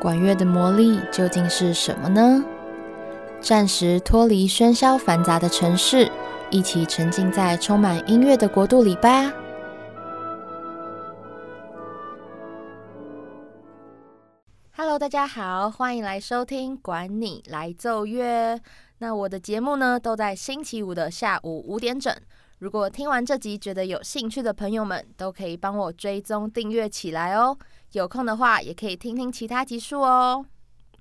管樂的魔力究竟是什麼呢？暫時脫離喧囂繁雜的城市，一起沉浸在充滿音樂的國度裡吧。Hello，大家好，歡迎來收聽《管你來奏樂》。那我的節目呢，都在星期五的下午五點整。如果聽完這集覺得有興趣的朋友們，都可以幫我追蹤訂閱起來哦。有空的話，也可以聽聽其他集數哦。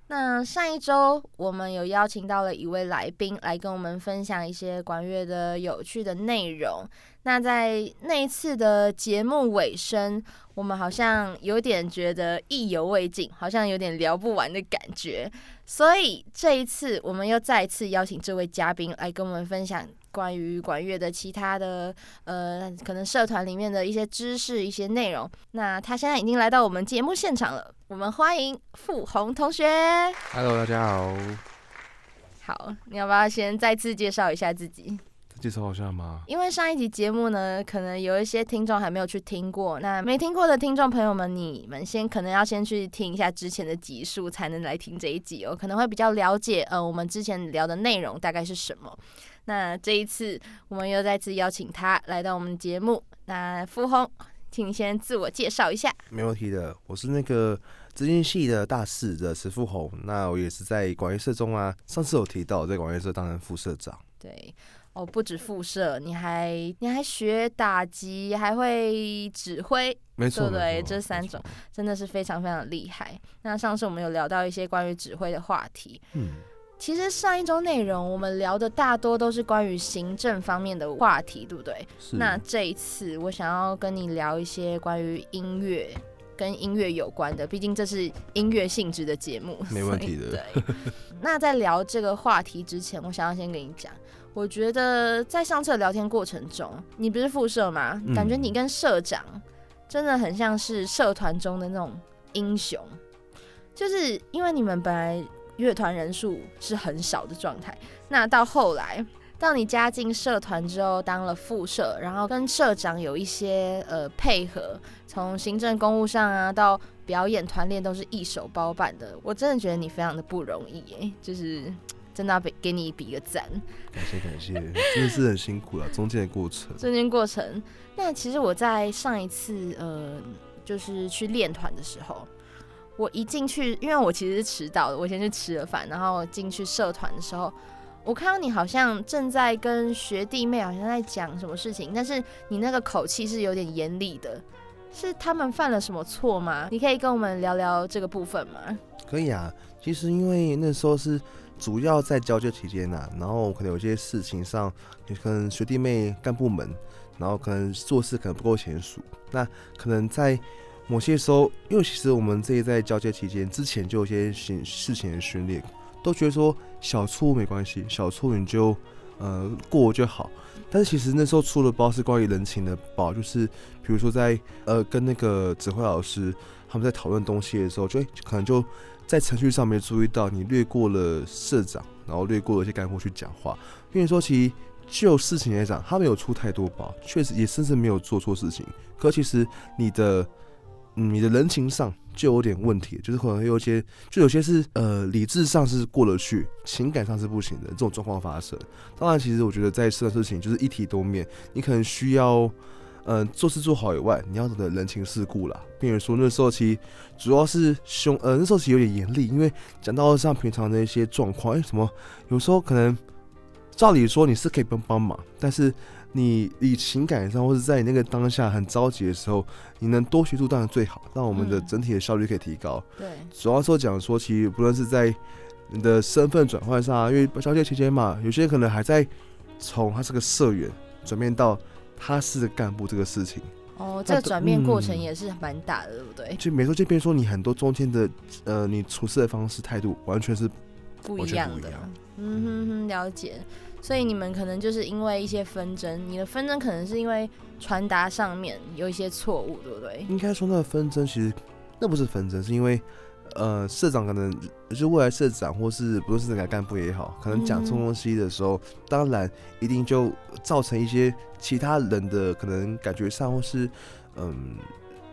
那上一周，我們有邀請到了一位來賓來跟我們分享一些管樂的有趣的內容。那在那一次的節目尾聲，我們好像有點覺得意猶未盡，好像有點聊不完的感覺。所以這一次，我們又再次邀請這位嘉賓來跟我們分享。關於管樂的其他的呃，可能社團裡面的一些知識、一些內容。那他現在已經來到我們節目現場了，我們歡迎富鴻同學。Hello，大家好。好，你要不要先再次介紹一下自己？介紹好像嗎？因為上一集節目呢，可能有一些聽眾還沒有去聽過。那沒聽過的聽眾朋友們，你們先可能要先去聽一下之前的集數，才能來聽這一集哦。可能會比較了解呃，我們之前聊的內容大概是什麼。那這一次，我們又再次邀請他來到我們節目。那富鴻，請你先自我介紹一下。沒問題的，我是那個資訊系的大四的石富鴻。那我也是在管樂社中啊，上次有提到在管樂社擔任副社長。對，我、哦、不止副社，你還你還學打擊，還會指揮，沒錯錯，對，對，沒錯這三種錯真的是非常非常厲害。那上次我們有聊到一些關於指揮的話題，嗯。其實上一周內容我們聊的大多都是關於行政方面的話題，對不對？是那這一次我想要跟你聊一些關於音樂跟音樂有關的，畢竟這是音樂性質的節目。沒問題的。對。 那在聊這個話題之前，我想要先跟你講，我覺得在上次的聊天過程中，你不是副社嗎？嗯。感覺你跟社長真的很像是社團中的那種英雄，就是因為你們本來。樂團人數是很少的狀態。那到後來，到你加進社團之後，當了副社，然後跟社長有一些呃配合，從行政公務上啊，到表演團練都是一手包辦的。我真的覺得你非常的不容易耶，就是真的要給給你比個讚。感謝感謝，真的是很辛苦了啊。 中間的過程，中間過程。那其實我在上一次呃，就是去練團的時候。我一進去，因為我其實是遲到的，我先去吃了飯，然後進去社團的時候，我看到你好像正在跟學弟妹好像在講什麼事情，但是你那個口氣是有點嚴厲的，是他們犯了什麼錯嗎？你可以跟我們聊聊這個部分嗎？可以啊，其實因為那時候是主要在交接期間吶、啊，然後可能有些事情上，你可能學弟妹幹部們，然後可能做事可能不夠嫻熟，那可能在。某些時候，因為其實我們這一在交接期間之前就有些事情的訓練，都覺得說小錯誤沒關係，小錯誤你就呃過就好。但是其實那時候出的包是關於人情的包，就是比如說在呃跟那個指揮老師他們在討論東西的時候，就、欸、可能就在程序上沒注意到你略過了社長，然後略過了一些幹部去講話。因為說，其實就事情來講，他沒有出太多包，確實也甚至沒有做錯事情。可其實你的。嗯，你的人情上就有點問題，就是可能有一些，就有些是呃理智上是過得去，情感上是不行的這種狀況發生。當然，其實我覺得在做事，事情就是一體多面，你可能需要嗯、呃、做事做好以外，你要懂得人情世故啦。譬如說那時候其實主要是凶，呃那時候其實有點嚴厲，因為講到像平常的一些狀況，哎、欸，什麼有時候可能照理說你是可以幫幫忙，但是。你以情感上，或者是在你那個當下很着急的時候，你能多學多當然最好，讓我們的整體的效率可以提高。對，主要是說講說，其實不論是在你的身份轉換上，啊，因為交接期間嘛，有些人可能還在從他是個社員轉變到他是幹部這個事情。哦，這個轉變過程也是蠻大的，嗯，對不對？就沒錯，說這邊說，你很多中間的呃，你處事的方式態度完全是完全不一樣的，不一樣的。嗯哼，了解。所以你們可能就是因為一些紛爭，你的紛爭可能是因為傳達上面有一些錯誤，對不對？應該說那紛爭其實那不是紛爭，是因為，呃，社長可能就是未來社長或是不論是哪個幹部也好，可能講這種東西的時候，嗯、當然一定就造成一些其他人的可能感覺上或是嗯。呃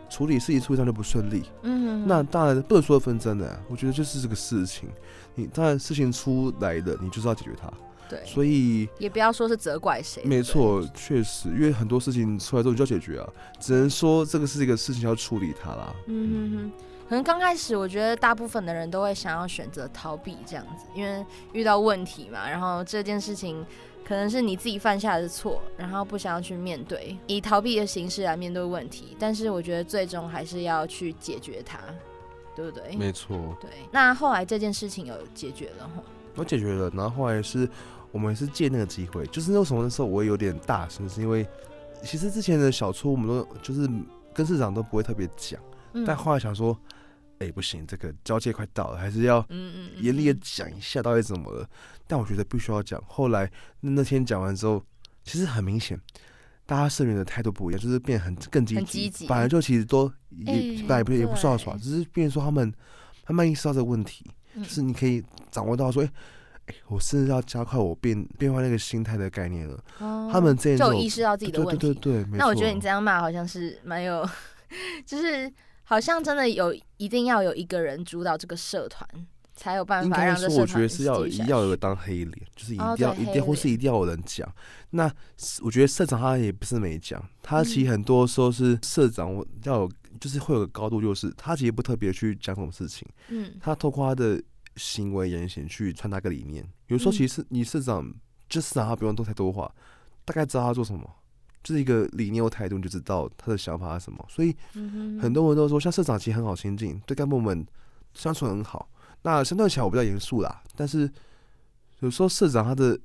處理事情處理上就不順利，嗯哼哼，那當然不能說紛爭的。我覺得就是這個事情，你當然事情出來了，你就是要解決它，對，所以也不要說是責怪誰，沒錯錯，確對實，因為很多事情出來之後你就要解決啊，只能說這個是一個事情要處理它啦，嗯哼、哼，嗯可能剛開始我覺得大部分的人都會想要選擇逃避這樣子，因為遇到問題嘛，然後這件事情。可能是你自己犯下的錯，然後不想要去面對，以逃避的形式來面對問題。但是我覺得最終還是要去解決它，對不對？沒錯。對。那後來這件事情有解決了哈？我解決了，然後後來是我們是借那個機會，就是那時候我有點大聲，是因為其實之前的小錯我們都就是跟社長都不會特別講，嗯、但後來想說。哎，欸、不行，這個交接快到了，還是要嗯，嚴厲的講一下到底怎麼了。嗯嗯嗯嗯，但我覺得必須要講。後來那，那天講完之後，其實很明顯，大家社員的態度不一樣，就是變得很更積極，本來就其實都也、欸、不也不也不算耍，對只是變成說他們他們慢意識到的問題，嗯、就是你可以掌握到說，哎、欸，我甚至要加快我變變換那個心態的概念了。哦、他們這樣就意識到自己的問題。對對對，對，對對對，那我覺得錯你這樣罵好像是蠻有，就是。好像真的有一定要有一個人主導這個社團，才有辦法讓這個社團。應該說我覺得是要有要有一個當黑臉，就是一定要一定、oh, 對臉或是一定要有人講。那我覺得社長他也不是沒講，他其實很多時候是社長要有、嗯、就是會有個高度，就是他其實不特別去講什麼事情。嗯，他透過他的行為言行去傳達個理念。有時候其實你社長、嗯、就社長他不用多太多話，大概知道他做什麼。是一個理念或態度，你就知道他的想法是什麼。所以，很多人都說，像社長其實很好親近，對幹部們相處很好。那相對起來，我比較嚴肅啦。但是，有時候社長他的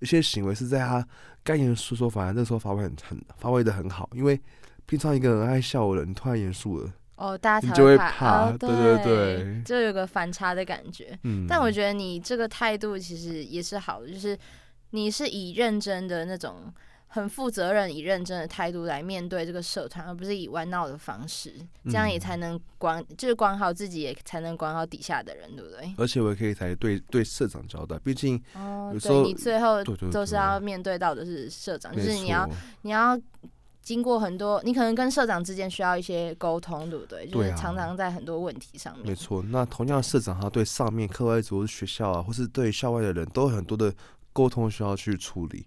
一些行為是在他該嚴肅說法，那時候發揮很很發揮得很好。因為平常一個人愛笑的人突然嚴肅了，哦，大家才你就會怕，哦、對，對對對，就有個反差的感覺。嗯、但我覺得你這個態度其實也是好的，就是你是以認真的那種。很負責任，以認真的態度來面對這個社團，而不是以玩鬧的方式，這樣也才能管，就是管好自己，也才能管好底下的人，對不對？而且我也可以才對對社長交代，畢竟哦，所以你最後都是要面對到的是社長，就是你要你要經過很多，你可能跟社長之間需要一些溝通，對不對？就是常常在很多問題上面，沒錯。那同樣，社長他對上面課外組、學校啊，或是對校外的人都有很多的溝通需要去處理。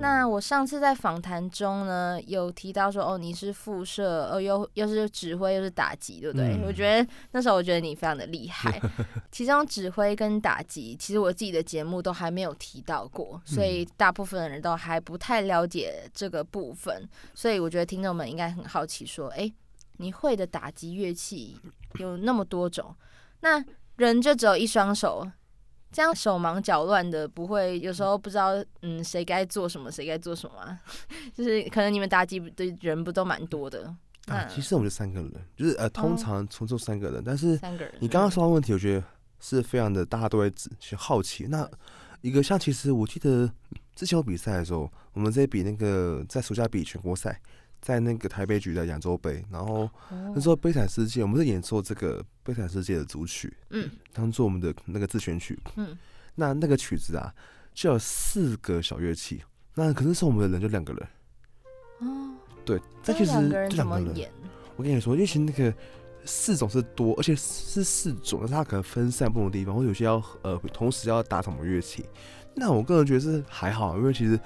那我上次在訪談中呢，有提到說哦，你是副社，哦又又是指揮又是打擊，對不對？嗯、我覺得那時候我覺得你非常的厲害，其中指揮跟打擊，其實我自己的節目都還沒有提到過，所以大部分人都還不太了解這個部分，所以我覺得聽眾們應該很好奇說，說、欸、誒，你會的打擊樂器有那麼多種，那人就只有一雙手。這樣手忙腳亂的，不會有時候不知道，嗯，誰該做什麼，誰該做什麼、啊， 就是可能你們打擊的人不都蠻多的、啊。打呢其實我們就三個人，就是呃，通常從這三個人，嗯、但是三個人。你剛剛說到問題，嗯、我覺得是非常的，大家都會去好奇。嗯、那一個像，其實我記得之前我比賽的時候，我們在比那個在暑假比全國賽。在那個台北舉的揚州杯，然後那時候《悲慘世界》，我們是演奏這個《悲慘世界》的主曲，嗯，當做我們的那個自選曲，嗯，那那個曲子啊，就有四個小樂器，那可是，是我們的人就兩個人，對，這其實兩個人演？我跟你說，因為其實那個四種是多，而且是四種，但是它可能分散不同的地方，或者有些要呃同時要打什麼樂器，那我個人覺得是還好，因為其實。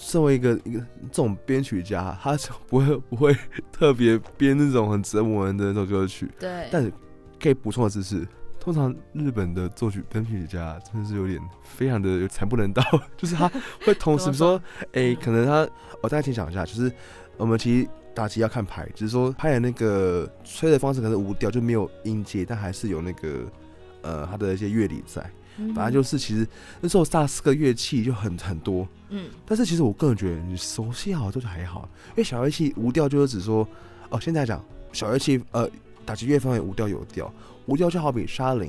作為一個一個這種編曲家，他就不會不會特別編那種很折磨人的那種歌曲。對，但是可以補充的知識，通常日本的作曲編曲家真的是有點非常的有慘不忍睹， 就是他會同時說，哎爽、欸，可能他哦，大家請想一下，就是我們其實打擊要看牌，就是說拍的那個吹的方式可能無調，就沒有音階，但還是有那個呃他的一些樂理在。反正就是，其實那時候薩斯四個樂器就很很多。嗯，但是其實我個人覺得你熟悉好，這就還好。因為小樂器無調就是指說，哦，現在講小樂器，呃，打擊樂分為無調有調，無調就好比沙鈴，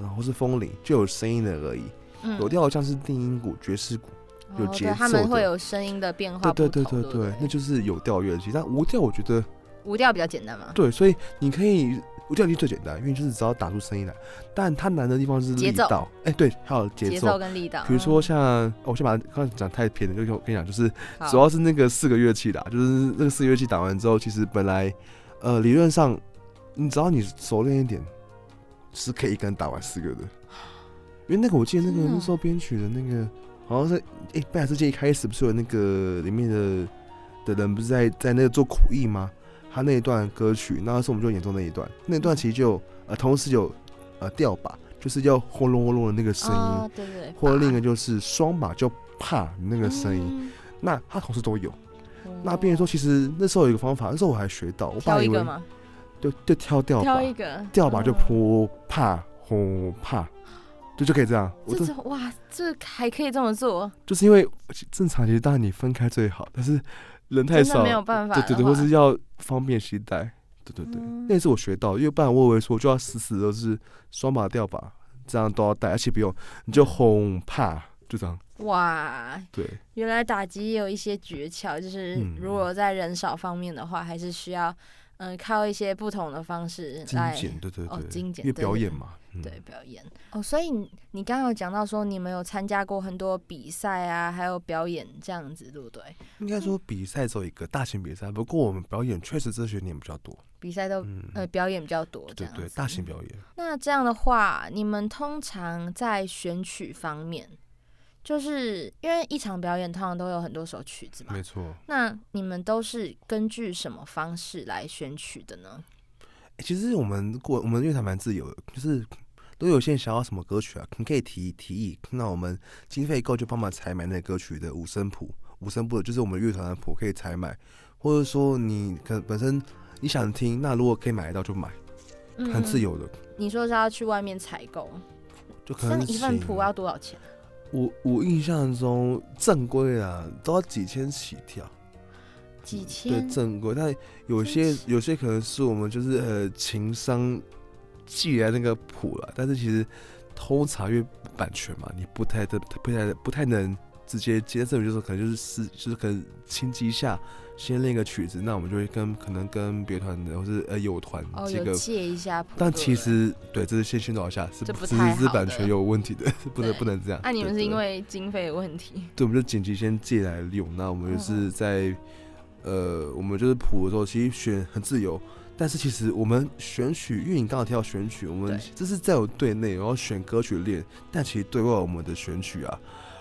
然、呃、後是風鈴，就有聲音的而已。嗯、有調好像是定音鼓、爵士鼓，有節奏、哦。他們會有聲音的變化。對，對對對對對，對對對對那就是有調樂器。嗯、但無調我覺得無調比較簡單嘛。對，所以你可以。調律最簡單，因為就是只要打出聲音來，但它難的地方就是力道。哎奏、欸，對，還有節奏跟力道。比如說像、哦哦、我先把它剛才講太偏了，就我跟你講，就是主要是那個四個樂器的，好就是那個四個樂器打完之後，其實本來呃理論上，你只要你熟練一點，是可以一個人打完四個的。因為那個我記得那個的那時候編曲的那個，好像是哎《悲慘世界》一開始不是有那個裡面的的人不是在在那個做苦役嗎？他那一段歌曲，那時候我們就演奏那一段。那一段其實就呃同時有呃吊鈸，就是要轟隆轟隆的那個聲音，啊，對對、對。或者另一個就是雙鈸，就啪那個聲音，嗯、那他同時都有。哦、那變成說，其實那時候有一個方法，那時候我還學到，我爸以為就就，就就挑調，挑一個吊鈸，吊就撲啪轟啪、啪、啪，就就可以這樣。我就哇，這還可以這麼做？就是因為正常其實當然你分開最好，但是。人太少，沒有辦法。對對對，或是要方便攜帶，對對對，那、嗯、是我學到，因為不然我以為說，就要死死都是雙把吊把這樣都要帶，而且不用你就轟怕，就這樣。哇，對，原來打擊也有一些訣竅，就是如果在人少方面的話，嗯、還是需要嗯、呃、靠一些不同的方式來精簡，對對對，哦、因為表演嘛。對表演哦，所以你剛剛有講到說你們有參加過很多比賽啊，還有表演這樣子，對不對？應該說比賽做一個大型比賽，嗯、不過我們表演確實這些年比較多，比賽都、嗯、呃表演比較多，對，對對，大型表演。那這樣的話，你們通常在選曲方面，就是因為一場表演通常都有很多首曲子嘛，沒錯。那你們都是根據什麼方式來選曲的呢？欸、其實我們過我們樂團蠻自由的，就是。如果有些人想要什麼歌曲啊？你可以提提議，到我們經費夠就幫忙採買那歌曲的五聲譜、五聲部的，就是我們樂團的譜可以採買，或者說你可本身你想聽，那如果可以買得到就買，很自由的。嗯、你說是要去外面採購？就可能一份譜要多少錢、啊？我我印象中正規啊都要幾千起跳，幾千、嗯、對正規，但有些有些可能是我們就是呃情商。借來那個譜了，但是其實通常因為版權嘛，你不太特，不太不太能直接接受，就是，就是可能就是是，就是跟輕戚一下，先練個曲子，那我們就會跟可能跟別團的，或是呃、哦、有團借一下譜。但其實對，了對，這是先尋找一下，是實是版權有問題的，不能對不能這樣。那，啊、你們是因為經費問題對對對？對，我們就緊急先借來用。那我們就是在，哦、呃，我們就是譜的時候，其實選很自由。但是其實我們選曲，因為你剛剛提到選曲，我們這是在隊內，我隊內，然後選歌曲練。但其實對外我們的選曲啊，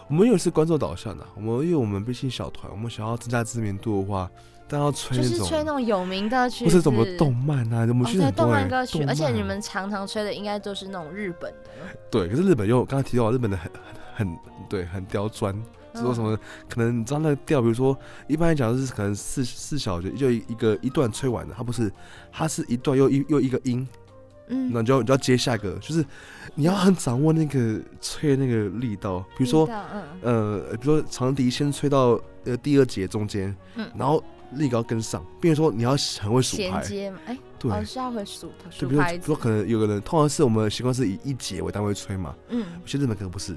我們又是觀眾導向的、啊。我們因為我們畢竟小團，我們想要增加知名度的話，但要吹那種就是吹那種有名的曲，不是什麼動漫啊，什麼、欸、動漫歌曲。漫而且你們常常吹的應該都是那種日本的。對，可是日本又剛剛提到日本的很很很，對，很刁鑽。說什麼？嗯、可能你知道那個調，比如說，一般來講是可能四四小節就一個一段吹完的，它不是，它是一段又一又一個音，嗯，那就要就要接下一個，就是你要很掌握那個吹的那個力道，比如說，嗯，呃，比如說長笛先吹到呃第二節中間，嗯，然後力高跟上，並且說你要很會數拍，銜接嘛，哎、欸，對，需要、哦、要會數拍，數拍，對，可能有個人，通常是我們習慣是以一節為單位吹嘛，嗯，其實日本可能不是。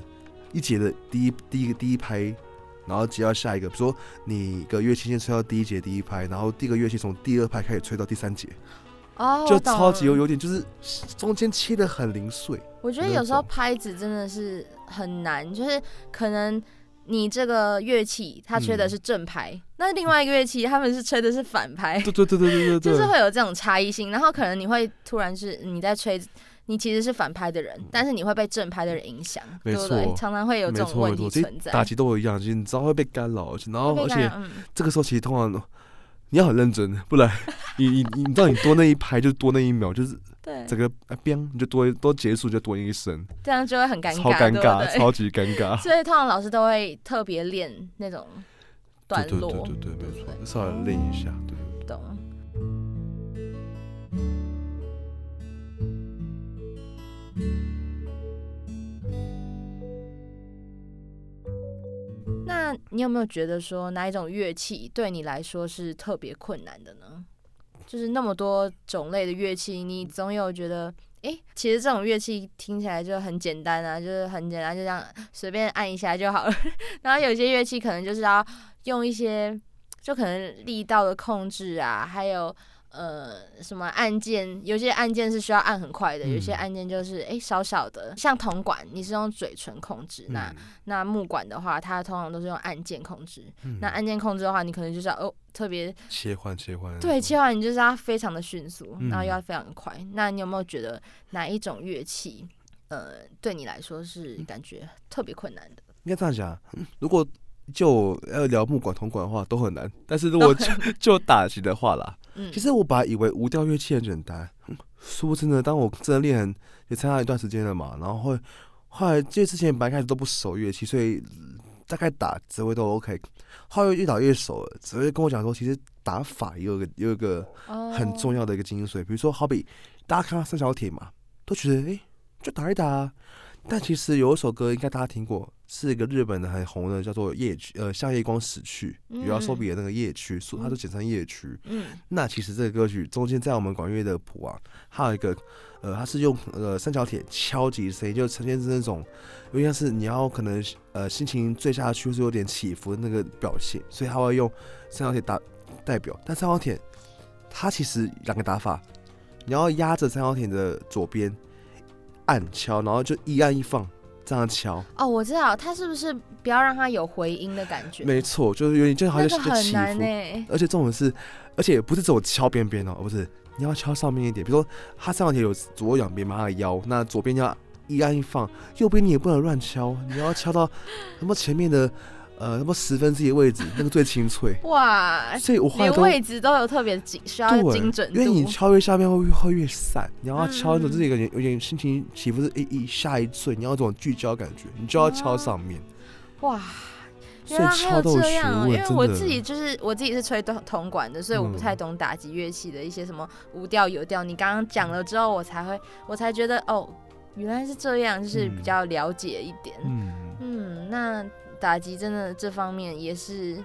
一節的第一、第一個第一拍，然後接到下一個，比如說你一個樂器先吹到第一節第一拍，然後第二個樂器從第二拍開始吹到第三節，哦、啊，就超級有有點就是中間切得很零碎。我覺得有時候拍子真的是很難，就是可能你這個樂器它吹的是正拍，嗯、那另外一個樂器他們是吹的是反拍，對對對對對對，就是會有這種差異性，然後可能你會突然是你在吹，你其實是反拍的人，但是你會被正拍的人影響，沒錯，常常會有這種問題存在。打擊都一樣，就是你知道會被干擾，然後而且這個時候其實通常你要很認真，不然你你你知道你多那一拍就多那一秒，就是整個啊，biang 你就多多結束就多一聲，這樣就會很尷尬，超尷尬，超級尷尬。所以通常老師都會特別練那種段落，對對對對對，沒錯，稍微練一下，懂。你有沒有覺得說哪一種樂器對你來說是特別困難的呢？就是那麼多種類的樂器，你總有覺得，誒、欸，其實這種樂器聽起來就很簡單啊，就是很簡單，就這樣隨便按一下就好了。 然後有些樂器可能就是要用一些，就可能力道的控制啊，還有。呃，什麼按鍵？有些按鍵是需要按很快的，嗯、有些按鍵就是哎，小、欸、小的，像銅管，你是用嘴唇控制。嗯、那那木管的話，它通常都是用按鍵控制。嗯、那按鍵控制的話，你可能就是要、哦、特別切換切換。對，切換你就是要非常的迅速，嗯、然後又要非常快。那你有沒有覺得哪一種樂器，呃，對你來說是感覺特別困難的？應該這樣講，如果就要聊木管、銅管的話，都很難。但是如果就很 就打擊的話啦。其實我本來以為無調樂器很簡單，說真的，當我真的練也參加了一段時間了嘛，然後後來因之前本來開始都不熟樂器，所以大概打指揮都 OK。後來越打越熟了，指揮跟我講說，其實打法也有個有一個很重要的一個精髓，比如說好比大家看到三小鐵嘛，都覺得哎、欸、就打一打，但其實有一首歌應該大家聽過。是一個日本的很紅的，叫做夜曲，呃，向夜光死去，YOASOBI 那個夜曲，所以它就簡稱夜曲。嗯，那其實這個歌曲中間在我們管樂的譜啊，還有一個，呃，它是用呃三角鐵敲擊聲音，就呈現是那種，就像是你要可能呃心情墜下去，就是有點起伏的那個表現，所以他會用三角鐵打代表。但三角鐵它其實兩個打法，你要壓着三角鐵的左邊按敲，然後就一按一放。這樣敲哦，我知道，它是不是不要讓它有回音的感覺？沒錯，就是有點像，好像很難呢、欸，而且重點是，而且不是只有敲邊邊哦，不是，你要敲上面一點。比如說他，他三角鐵有左右兩邊，他的腰，那左邊要一按一放，右邊你也不能亂敲，你要敲到那麼前面的。 呃，那麼十分之一的位置，那個最清脆哇！所以，我位置都有特別精需要精準度，因為你敲越下面會會越散，你要敲到自己感覺有點心情起伏是一一下一脆，你要這種聚焦感覺，你就要敲上面。哇！所以敲都有區別。因為我自己就是我自己是吹銅銅管的，所以我不太懂打擊樂器的一些什麼無調有調。你剛剛講了之後，我才會我才覺得哦，原來是這樣，就是比較了解一點。嗯嗯，那。打擊真的這方面也是，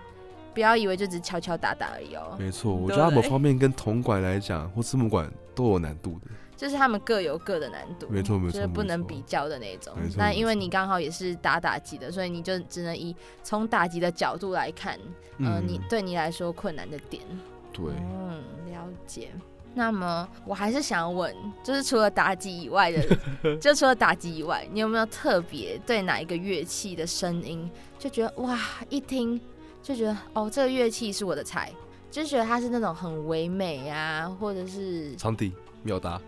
不要以為就只敲敲打打而已哦、喔錯。沒錯對，我覺得他們方面跟銅管來講，或木管都有難度的。就是他們各有各的難度，沒錯沒錯，就是不能比較的那種。那錯因為你剛好也是打打擊的，錯所以你就只能以從打擊的角度來看，嗯、呃，你對你來說困難的點。對，嗯，了解。那麼我還是想問，就是除了打擊以外的， 就除了打擊以外，你有沒有特別對哪一個樂器的聲音，就覺得哇一聽就覺得哦，這個樂器是我的菜，就覺得它是那種很唯美啊，或者是長笛。秒答！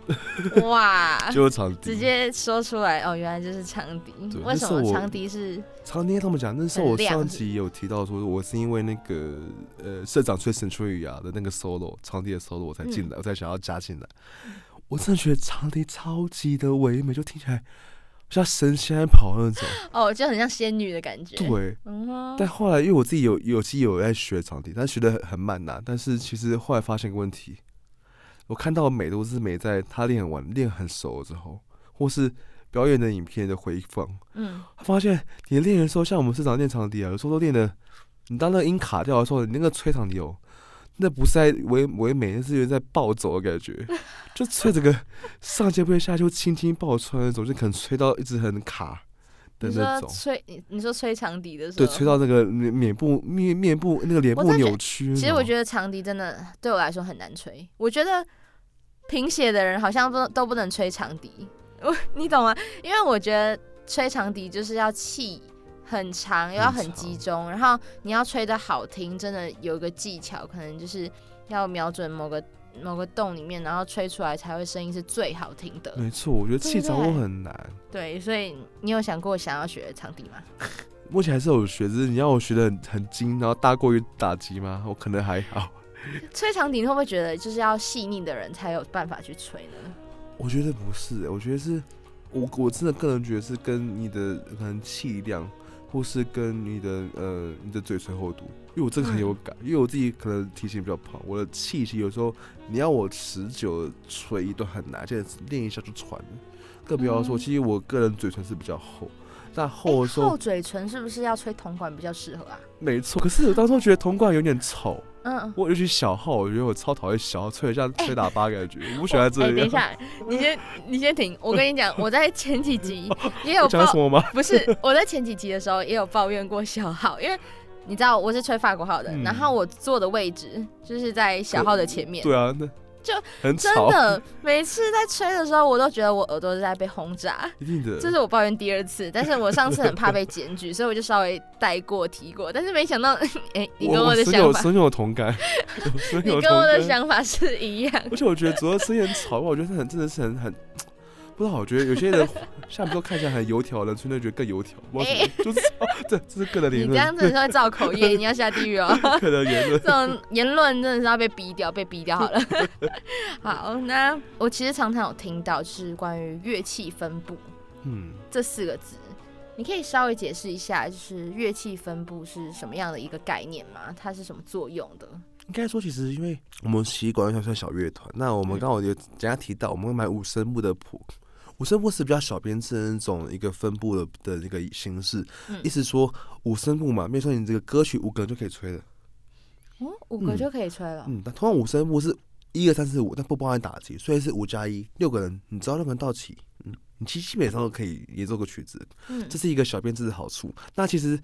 哇，就是 長笛，直接說出來哦，原來就是長笛。對為什麼長笛是？長笛？他們講，那時候我上集有提到，說我是因為那個呃，社長吹沈春雨啊的那個 solo，長笛的 solo 我才進來，嗯、我才想要加進來。我真的覺得長笛超級的唯美，就聽起來像神仙跑那種。哦，就很像仙女的感覺。對。嗯哦、但後來因為我自己有、有、自己有在學長笛，但學的很慢吶、啊。但是其實後來發現個問題。我看到美都是美在，他練完練很熟之後，或是表演的影片的回放，嗯，發現你練的時候，像我們是常練長笛啊，有時候都練的，你當那個音卡掉的時候，你那個吹長笛哦，那不是在唯唯美，那是有點在暴走的感覺，就吹這個上氣不接下氣就輕輕暴吹那種，就可能吹到一直很卡的那種。吹你你說吹長笛的時候，對，吹到那個面面部面面部那個臉部扭曲。其實我覺得長笛真的對我來說很難吹，我覺得。貧血的人好像不都、都不能吹長笛，我 你懂嗎？因為我覺得吹長笛就是要氣很長，又要很集中，長然後你要吹得好聽，真的有一個技巧，可能就是要瞄準某個某個洞裡面，然後吹出來才會聲音是最好聽的。沒錯，我覺得氣掌握很難對對對。對，所以你有想過想要學長笛嗎？目前還是有學，只，就是你要我學得很、很精，然後大過於打擊嗎？我可能還好。吹長笛你會不會覺得就是要細膩的人才有辦法去吹呢？我覺得不是、欸，我覺得是我我真的個人覺得是跟你的可能氣量，或是跟你的呃你的嘴唇厚度。因為我真的很有感， 因為我自己可能體型比較胖，我的氣息有時候你要我持久吹一段很難，現在練一下就喘。更不要說，嗯、其實我個人嘴唇是比較厚，那厚的時候，欸、厚嘴唇是不是要吹銅管比較適合啊？沒錯，可是我當初覺得銅管有點醜。 嗯，我尤其小號，我覺得我超討厭小號，吹一下吹喇叭的感覺，欸、我不喜歡這個。等一下， 你先，你先停。我跟你講， 我在前幾集也有抱。講什麼嗎？ 不是，我在前幾集的時候也有抱怨過小號，因為你知道我是吹法國號的，嗯、然後我坐的位置就是在小號的前面。對啊，那。就真的很吵每次在吹的時候，我都覺得我耳朵是在被轟炸，一定的，這是我抱怨第二次。但是我上次很怕被檢舉， 所以我就稍微帶過提過。但是沒想到，哎、欸，你跟我的想法，深有，有同感， 你跟我的想法是一樣。而且我覺得主要是聲音很吵吧，我覺得很真的是很很。不是好，我覺得有些人像我 看起來很油條的，純粹 覺得更油條。哇，就是這這是個人的言論。你這樣子說造口業， 你要下地獄哦。個人 言論， 這種言論真的是要被逼掉，被逼掉好了。 好，那我其實常常有聽到，就是關於樂器分布，嗯，這四個字。你可以稍微解釋一下，就是樂器分布是什麼樣的一個概念嗎？它是什麼作用的？應該說，其實因為我們習慣上像小樂團，那我們剛好也剛剛提到，我們買五聲部的譜，五聲部是比較小編制的那種一個分布的的一個形式。嗯、意思說，五聲部嘛，沒說你這個歌曲五個人就可以吹了。嗯、哦，五個就可以吹了。嗯，嗯，那通常五聲部是一二三四五，但不包含打擊，所以是五加一，六個人，你知道六個人到齊，嗯。其實基本上都可以演奏個曲子，嗯，這是一個小編制的好處。那其實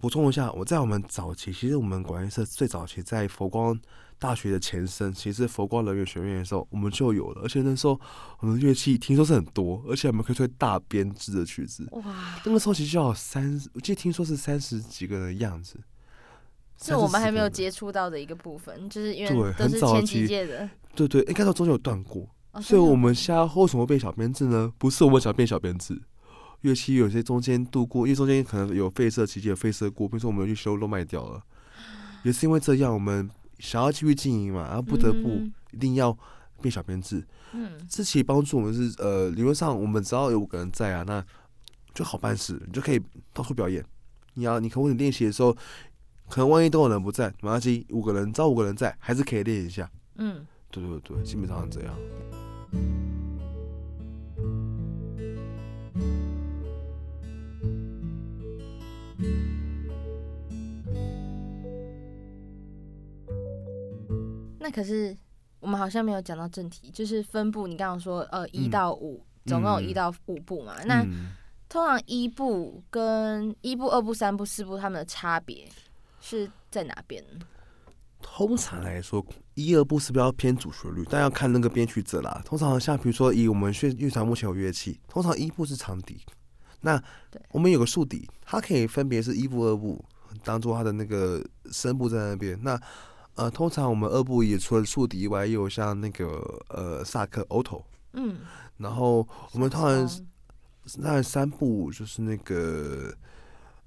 補充一下，我在我們早期，其實我們管樂社最早期在佛光大學的前身，其實佛光人文學院的時候，我們就有了，而且那時候我們樂器聽說是很多，而且我們可以吹大編制的曲子，哇！那個時候其實就有三，我記得聽說是三十幾個人的樣子，是我們還沒有接觸到的一個部分，就是因為很早期，對，對對，應該說中間有斷過。所以，我們下為什麼會變小編制呢？不是我們想變小編制，樂器有些中間度過，因為中間可能有廢社，其實有廢社過，比如說我們有些修都賣掉了，也是因為這樣，我們想要繼續經營嘛，然後不得不一定要變小編制嗯。嗯，這其實幫助我們是，呃，理論上我們只要有五個人在啊，那就好辦事，你就可以到處表演。你要、啊，你可能練習的時候，可能萬一都有人不在，馬上機五個人，只要五個人在，還是可以練一下。嗯，對對對，基本上這樣。可是我們好像沒有講到正題，就是分部。你剛剛說，呃，一到五、嗯、總共有，一到五部嘛。嗯、那、嗯、通常一部跟一部、二部、三部、四部，它們的差別是在哪邊？通常來說，一二部是比較偏主旋律，但要看那個編曲者啦。通常像比如說，以我們樂樂團目前有樂器，通常一部是長笛。那我們有個豎笛，它可以分別是一部、二部，當做它的那個聲部在那邊。那呃、啊，通常我們二部也除了豎笛以外，也有像那個呃薩克 alto，嗯，然後我們通常那、嗯、三部就是那個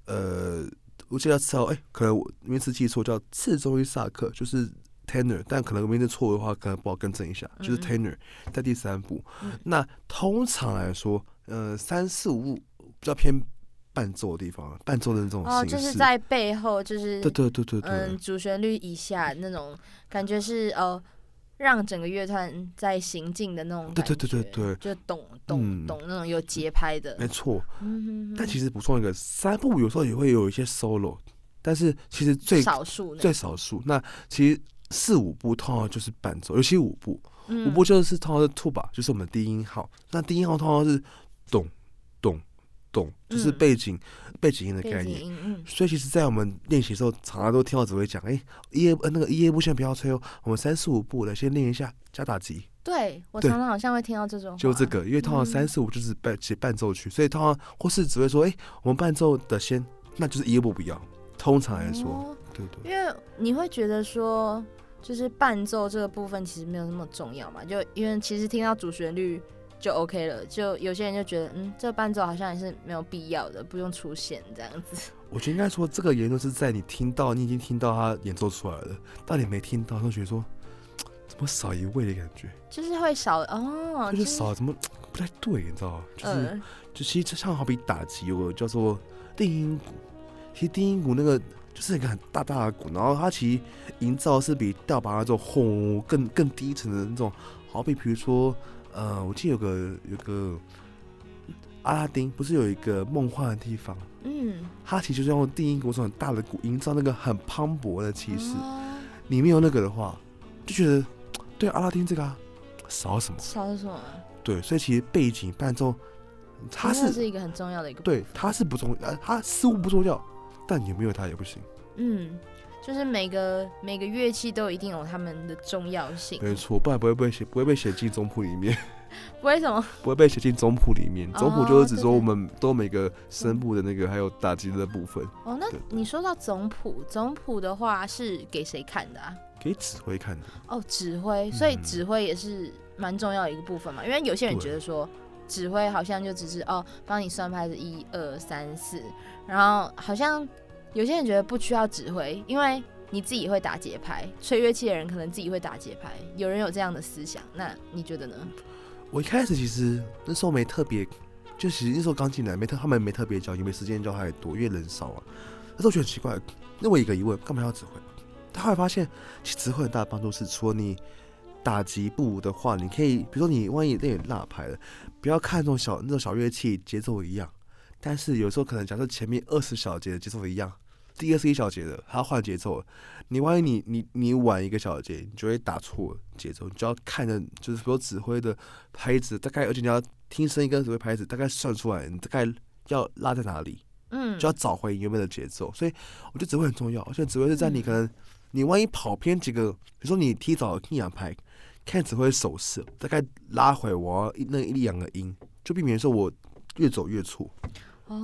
呃，我記得叫哎，可能我名字記錯，叫次中音薩克，就是 tenor，但可能名字錯誤的話，可能不好更正一下，就是 tenor、嗯、在第三部。嗯、那通常來說，呃，三四五比較偏。伴奏的地方，伴奏的那種哦，就是在背後，就是對對對對，嗯，主旋律以下那種感覺是，呃，讓整個樂團在行進的那種感覺，對對對對對，就懂懂、嗯、懂那種有節拍的，沒錯。但其實補充一個，三部有時候也會有一些 solo，但是其實最少數最少數，那其實四五部通常就是伴奏，尤其五部，嗯、五部就是通常是 tuba，就是我們低音號，那低音號通常是懂。懂，就是背景、嗯、背景音的概念。嗯、所以其實，在我們練習的時候，常常都聽到指揮講：“哎、欸，一、e、那個一、二部先不要吹哦，我們三四五部的先練一下，加打擊。”對，我常常好像會聽到這種。就這個，因為通常三四五就是伴寫、嗯、伴奏曲，所以通常或是指揮說：“哎、欸，我們伴奏的先，那就是一、e、部不要。”通常來說，哦、對，對對。因為你會覺得說，就是伴奏這個部分其實沒有那麼重要嘛？就因為其實聽到主旋律。就 OK 了，就有些人就覺得，嗯，這個伴奏好像也是沒有必要的，不用出現這樣子。我覺得應該說，這個研究是在你聽到，你已經聽到他演奏出來了，但你沒聽到，他覺得說，怎麼少一位的感覺？就是會少哦，就，就是少，怎麼不太對，你知道嗎？就是，呃、就其實就像好比打擊我叫做定音鼓，其實定音鼓那個就是一個很大大的鼓，然後它其實營造的是比吊鈸那種轟更更低層的那種，好比比如說。呃、嗯，我記得有個有個阿拉丁，不是有一個夢幻的地方？嗯，它其實就是用定音鼓這種很大的鼓音，營造那個很磅礴的氣勢。嗯啊、你沒有那個的話，就覺得對阿拉丁這個少什麼？少什麼？什麼對，所以其實背景伴奏，它是，是一個很重要的一個，對，它是不重要、呃，它似乎不重要，但你沒有它也不行。嗯。就是每個每個樂器都一定有它們的重要性，沒錯，不然不會被寫不會被寫進總譜裡面。 不會什麼？不會被寫進總譜裡面。哦、總譜就是指說，我們對對對都每個聲部的那個還有打擊的部分。哦，那你說到總譜，嗯、總譜的話是給誰看的啊？給指揮看的。哦，指揮，所以指揮也是蠻重要的一個部分嘛。嗯、因為有些人覺得說，指揮好像就只是哦，幫你算拍子一二三四，然後好像。有些人覺得不需要指揮，因為你自己會打節拍。吹樂器的人可能自己會打節拍，有人有這樣的思想。那你覺得呢？我一開始其實那時候沒特別，就其實那時候剛進來沒特他們沒特別教，也沒時間教太多，因為時還越人少啊。那時候覺得很奇怪，那我一個疑問，幹嘛要指揮？後來發現，其實指揮很大的幫助是，說你打擊部的話，你可以比如說你萬一那點落拍了，不要看那種小那種小樂器節奏一樣。但是有時候可能，假設前面二十小節的節奏一樣，第二十一小節的它要換節奏，你萬一你你你晚一個小節，你就會打錯節奏。你就要看着就是說指揮的拍子，大概而且你要聽聲音跟指揮拍子大概算出來，你大概要拉在哪裡，嗯，就要找回原本的節奏。所以我覺得指揮很重要，而且指揮是在你可能你萬一跑偏幾個，比如說你提早一兩拍，看指揮手勢，大概拉回我要一那一兩個音，就避免說我越走越錯。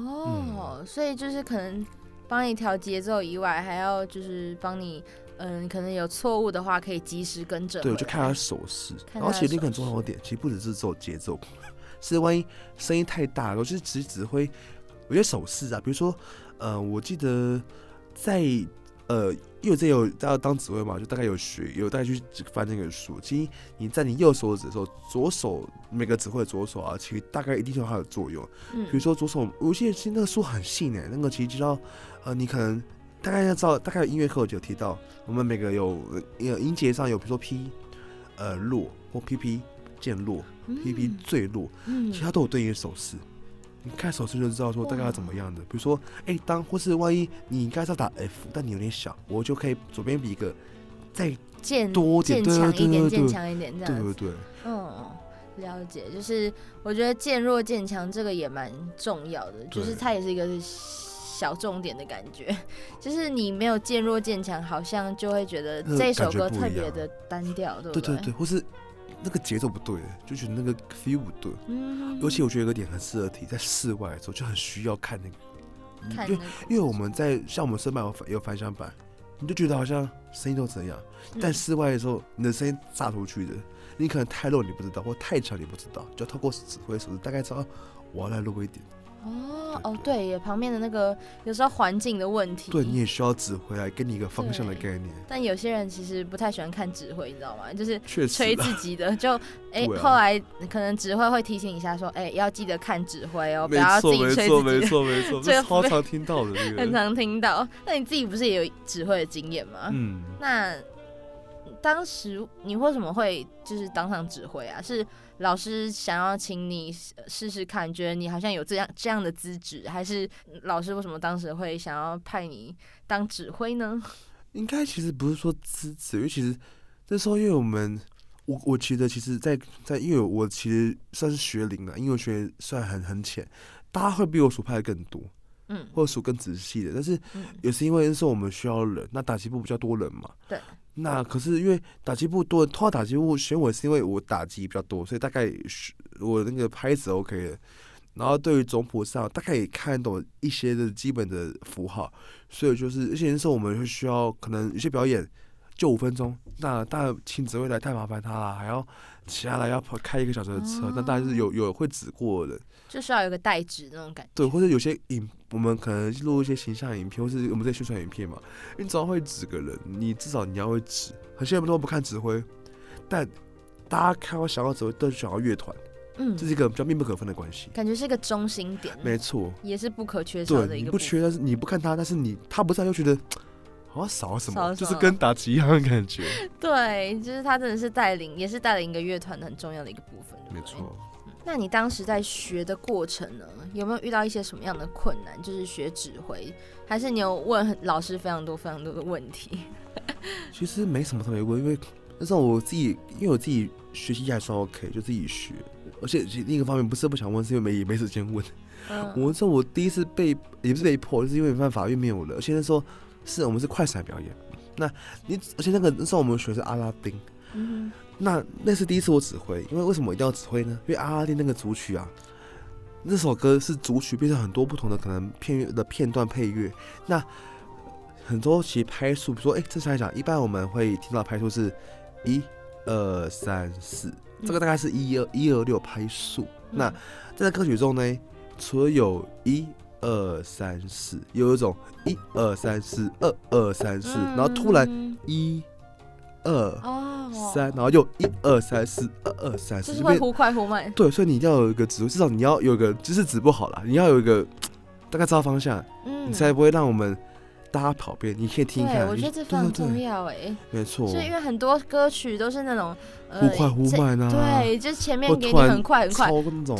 哦，嗯、所以就是可能幫你調節奏以外，還要就是幫你，嗯、呃，可能有錯誤的話可以及時更正。對，我就看他手勢。看他的手勢，然後其實另一個很重要的點，的其實不只是做節奏，是萬一聲音太大了，我就是指指揮，有些手勢啊，比如說，呃，我記得在呃。因為這有在要當指揮嘛，就大概有學，有大概去翻那個書。其實你在你右手指的時候，左手每個指揮的左手啊，其實大概一定有它的作用。比如說左手，有些、嗯、其實那個書很細呢，那個其實知道，呃，你可能大概要知道，大概音樂課就有提到，我們每個有，有音節上有比如說 p，呃弱或 pp 漸弱 p p 最弱，其他都有對應的手勢。看手勢就知道說大概要怎麼樣的，比如說，哎，當或是萬一你應該要打 F，但你有點小，我就可以左邊比一個，再漸漸強一點，漸強一點，這樣，對對對，嗯，了解，就是我覺得漸弱漸強這個也蠻重要的，就是它也是一個小重點的感覺，就是你沒有漸弱漸強，好像就會覺得這首歌特別的單調，對對對，或是。那個節奏不對，就覺得那個 feel 不對。嗯。嗯，尤其我覺得有個點很適合提，在室外的時候就很需要看那個，因為因為我們在像我們身板有反有反響板，你就覺得好像聲音都怎樣，但室外的時候你的聲音炸出去的，你可能太弱你不知道，或太強你不知道，就透過指揮手勢，大概知道我要來弱一點。哦對對對哦，對耶，旁邊的那個有時候環境的問題，對，你也需要指揮來、啊、給你一個方向的概念。但有些人其實不太喜歡看指揮，你知道嗎？就是吹自己的，就哎，欸啊、後來可能指揮會提醒一下說，說、欸、哎，要記得看指揮哦、喔，沒錯，不要要自己吹自己的。沒錯沒錯沒錯 超常聽到的， 很常聽到。那你自己不是也有指揮的經驗嗎？嗯，那。當時你為什麼會就是當上指揮啊？是老師想要請你試試看，覺得你好像有這樣這樣的資質，還是老師為什麼當時會想要派你當指揮呢？應該其實不是說資質，因為其實那時候因為我們，我我其實其實在在，因為我其實算是學齡了，因為我學算很很淺，大家會比我所派的更多，嗯，或者說更仔細的，但是也是因為那時候我們需要人，那打擊部比較多人嘛，對。那可是因為打擊部多，通過打擊部選我，是因為我打擊比較多，所以大概我那個拍子 OK 的。然後對於總譜上，大概也看得懂一些的基本的符號，所以就是一些時候我們會需要可能有些表演。就五分鐘，那但請指揮來太麻煩他了，還要騎下來要跑開一個小時的車。嗯、那當然是有有會指過的人，就需要有個代指那種感覺。對，或者有些影，我們可能錄一些形象影片，或是我們在宣傳影片嘛。因為你總要會指個人，你至少你要會指。很多人都不看指揮，但大家看我想要指揮，都是想要樂團。嗯，這是一個比較密不可分的關係，感覺是一個中心點。沒錯錯，也是不可缺少的一個的。你不缺，分但是你不看他，但是你他不在又覺得。我要掃什麼？掃了掃了就是跟打擊一樣的感覺。對，就是他真的是帶領，也是帶領一個樂團的很重要的一個部分。沒錯錯。那你當時在學的過程呢，有沒有遇到一些什麼樣的困難？就是學指揮，還是你有問老師非常多非常多的問題？其實沒什麼，他沒問題，因為那時候我自己，因為我自己學習也還算 OK，就自己學。而且另一個方面，不是不想問，是因為沒也沒時間問。嗯、我那時候我第一次被，也不是被迫，就是因為沒辦法，樂沒有了，而且那時候。是我們是快閃表演，那你而且那個上次我們學的是阿拉丁，嗯、哼那那是第一次我指揮，因為為什麼我一定要指揮呢？因為阿拉丁那個組曲啊，那首歌是組曲變成很多不同的可能片的片段配樂，那很多其實拍數，比如說哎、欸、正常來講，一般我們會聽到拍數是一二三四，這個大概是一二一二六拍數，嗯、哼那在、這個、歌曲中呢，除了有一。二三四，有一種一二三四，二二三四，然後突然一，二三，然後又一二三四，二二三四，就會忽快忽慢。對，所以你一定要有一個指，至少你要有一個就是指不好了，你要有一個大概知道方向，你才不會讓我們大家跑遍，你可以聽一下，我覺得這方面很重要哎。沒錯，就因為很多歌曲都是那種忽快忽慢的，對，就前面給你很快很快，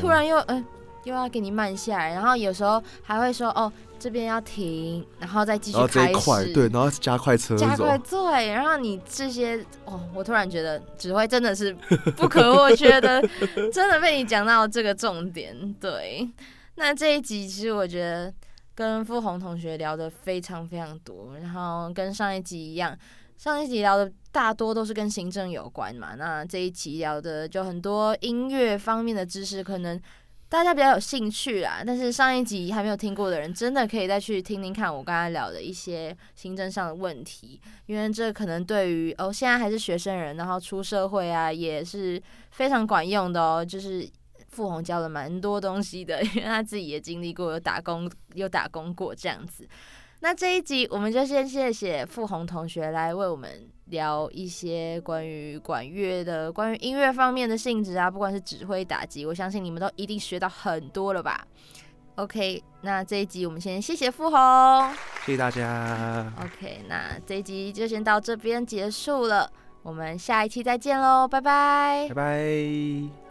突然又嗯。又要給你慢下來，然後有時候還會說哦，這邊要停，然後再繼續開始。對，然後加快車，加快對。然後你這些哦，我突然覺得指揮真的是不可或缺的， 真的被你講到這個重點。對，那這一集其實我覺得跟富鴻同學聊得非常非常多，然後跟上一集一樣，上一集聊的大多都是跟行政有關嘛，那這一集聊的就很多音樂方面的知識可能。大家比較有興趣啊，但是上一集還沒有聽過的人，真的可以再去聽聽看我剛才聊的一些新增上的問題，因為這可能對於哦現在還是學生人，然後出社會啊也是非常管用的哦。就是富鴻教了蠻多東西的，因為他自己也經歷過有打工，有打工過這樣子。那這一集我們就先謝謝富鴻同學來為我們。聊一些關於管樂的、關於音樂方面的性質啊，不管是指揮、打擊，我相信你們都一定學到很多了吧？OK，那這一集我們先謝謝富鴻，謝謝大家。OK，那這一集就先到這邊結束了，我們下一期再見嘍，拜拜，拜拜。